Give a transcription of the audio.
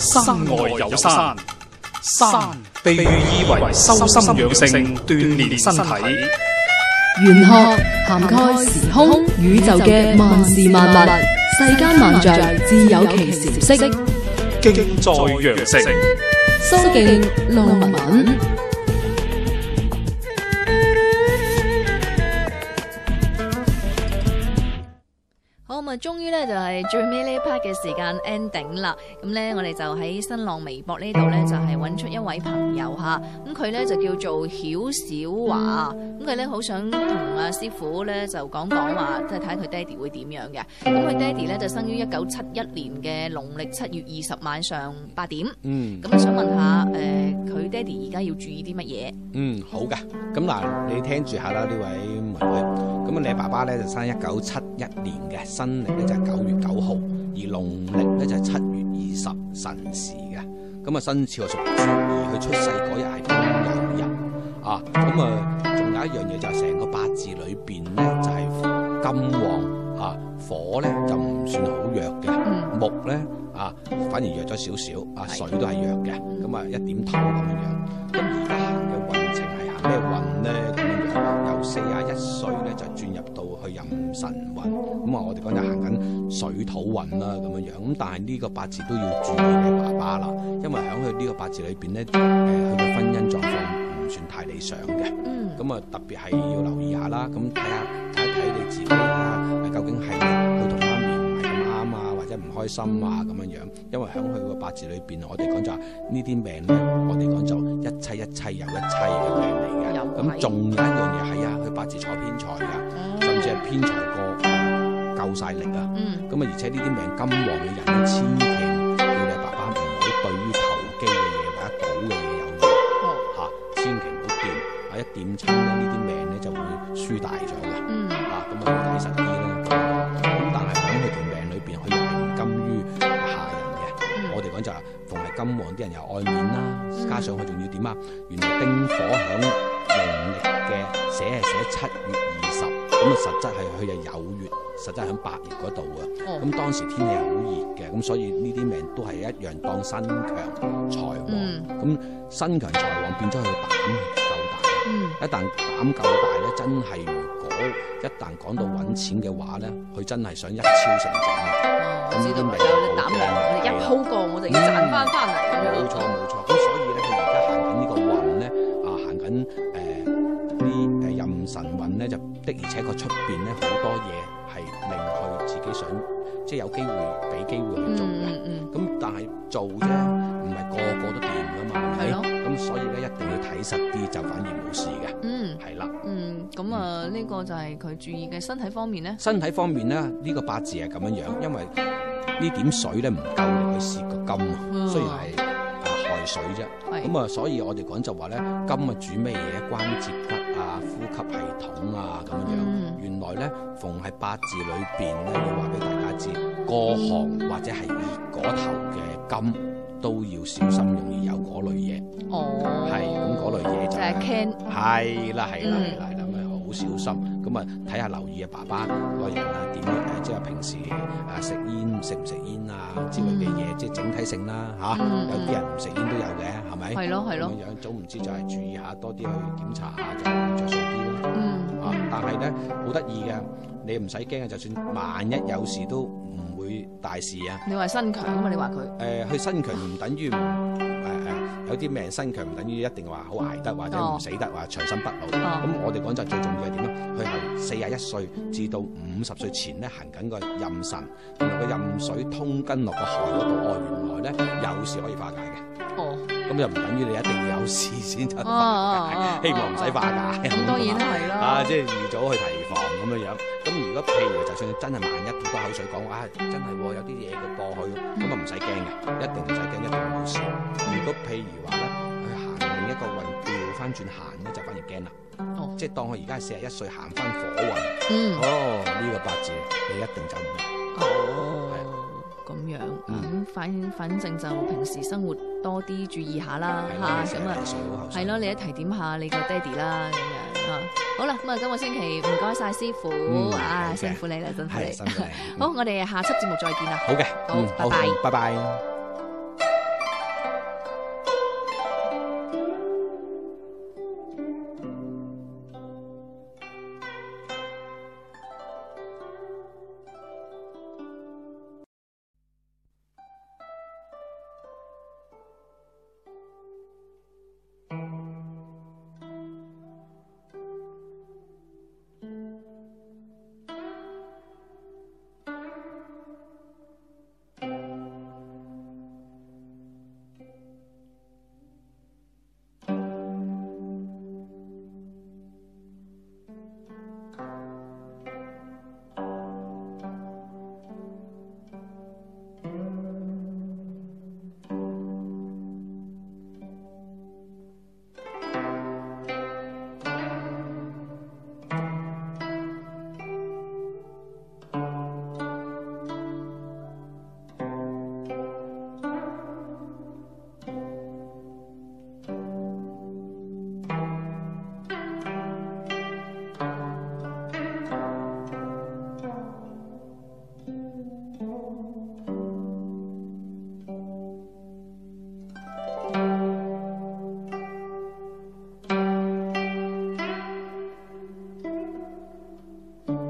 山外有山，山被喻意為修心養性、鍛煉身體。玄學涵蓋時空宇宙嘅萬事萬物，世間萬象自有其時色。敬在羊城，蘇敬論文。咁啊，終於咧就係最尾呢一 part 嘅時間 ending 啦。咁咧，我哋就喺新浪微博呢度咧，就係揾出一位朋友吓。咁佢咧就叫做曉小，小華。咁佢咧好想同阿師傅咧就講講話，即係睇下佢爹哋會點樣嘅。咁佢爹哋咧就生於一九七一年嘅農曆七月二十晚上八點。嗯。咁啊，想問下誒，佢爹哋而家要注意啲乜嘢？嗯，好噶。咁嗱，你聽住下啦，呢位妹妹。咁啊，你爸爸咧就生一九七一年嘅，新歷咧就係九月九號，而農曆咧就係七月二十辰時嘅。咁啊，生肖屬豬，而佢出世嗰日係公牛日啊。咁啊，仲有一樣嘢就係成個八字裏邊咧就係金旺啊，火咧就唔算好弱嘅，木咧啊反而弱咗少少啊，水都係弱嘅，咁啊一點都咁弱。而衰咧，就轉入到去任神運，咁啊我哋講就行緊水土運啦，咁樣樣，咁但係呢個八字都要注意你爸爸啦，因為響佢呢個八字裏邊咧，誒佢嘅婚姻狀況唔算太理想嘅，嗯，咁啊特別係要留意下啦，咁睇下睇睇你自己啦，究竟係佢同唔開心啊，咁樣樣，因為喺佢個八字裏邊，我哋講就話呢啲命咧，我哋講就一切一切又一切嘅命嚟嘅，咁仲有一樣嘢係啊，佢八字坐偏財啊，甚至係偏財過夠晒力啊，咁啊、嗯，而且呢啲命金旺嘅人咧，千。金旺啲人又愛面啦、啊，加上佢仲要點啊？原來丁火響農曆嘅寫係寫七月二十，咁啊實質係佢係有月，實質係響八月嗰度啊。咁、嗯、當時天氣係好熱嘅，咁所以呢啲命都係一樣，當身強財旺，咁、嗯、身強財旺變咗佢膽夠大，嗯、一旦膽夠大咧，真係。一旦講到搵錢嘅話咧，佢真係想一超成整。哦，我知道，有啲膽量，我哋一鋪過我哋要賺翻翻嚟。冇錯冇錯，咁、嗯、所以咧，佢而家行緊呢個運咧，啊行緊誒啲誒壬辰運咧，就的而且確出邊咧，好多嘢係令佢自己想，即係有機會俾機會去做嘅、嗯。嗯，咁但係做啫。所以咧一定要睇實啲，就反而冇事嘅、嗯的嗯。嗯，係啦、啊。嗯，咁啊呢個就係佢注意嘅身體方面咧。身體方面咧，呢、這個八字係咁樣樣，嗯、因為呢點水咧唔夠佢去泄個金，嗯、雖然係害水啫。咁啊、嗯嗯，所以我哋講就話咧，金啊主咩嘢？關節骨啊、呼吸系統啊咁樣。嗯、原來咧，逢喺八字裏邊咧，要話俾大家知，過寒或者係熱過頭嘅金。都要小心，容易有嗰類嘢。哦，係咁嗰類嘢就係，係啦，係啦係啦係啦，咪好小心。咁啊睇下留意啊爸爸個人啊點樣誒，即係平時啊食煙食唔食煙啊之類嘅嘢，即係整體性啦吓，有啲人唔食煙都有嘅，係咪？係咯係咯。咁樣，總唔知就係注意下多啲去檢查下就着數啲咯。嗯。啊！但係咧好得意嘅，你唔使驚啊，就算萬一有事都。大事啊！你話身強啊嘛，你話佢誒，佢、呃、身強唔等於誒誒，有啲咩身強唔等於一定話好捱得，或者唔死得，話長生不老。咁、哦嗯、我哋講就最重要係點樣，佢係四十一歲至到五十歲前咧行緊個壬辰同埋個壬水通根落個海嗰度，哦，原來咧有時可以化解嘅。哦咁又唔等於你一定要有事先出，希望唔使化解。咁當然係咯，啊，即係預早去提防咁樣樣。咁如果譬如就算你真係萬一吐多口水講話，真係有啲嘢嘅過去，咁啊唔使驚嘅，一定唔使驚一定冇事。如果譬如話咧，去行另一個運調翻轉行咧，就反而驚啦。哦，即係當佢而家四十一歲行翻火運，哦呢個八字你一定就唔得。哦，咁樣咁反反正就平時生活。多啲注意下啦，嚇咁啊，係咯，你一提點下你個爹哋啦，咁樣啊，好啦，咁啊，今個星期唔該晒師傅啊，辛苦你啦，辛苦你，好，我哋下輯節目再見啦，好嘅，好，拜拜，拜拜。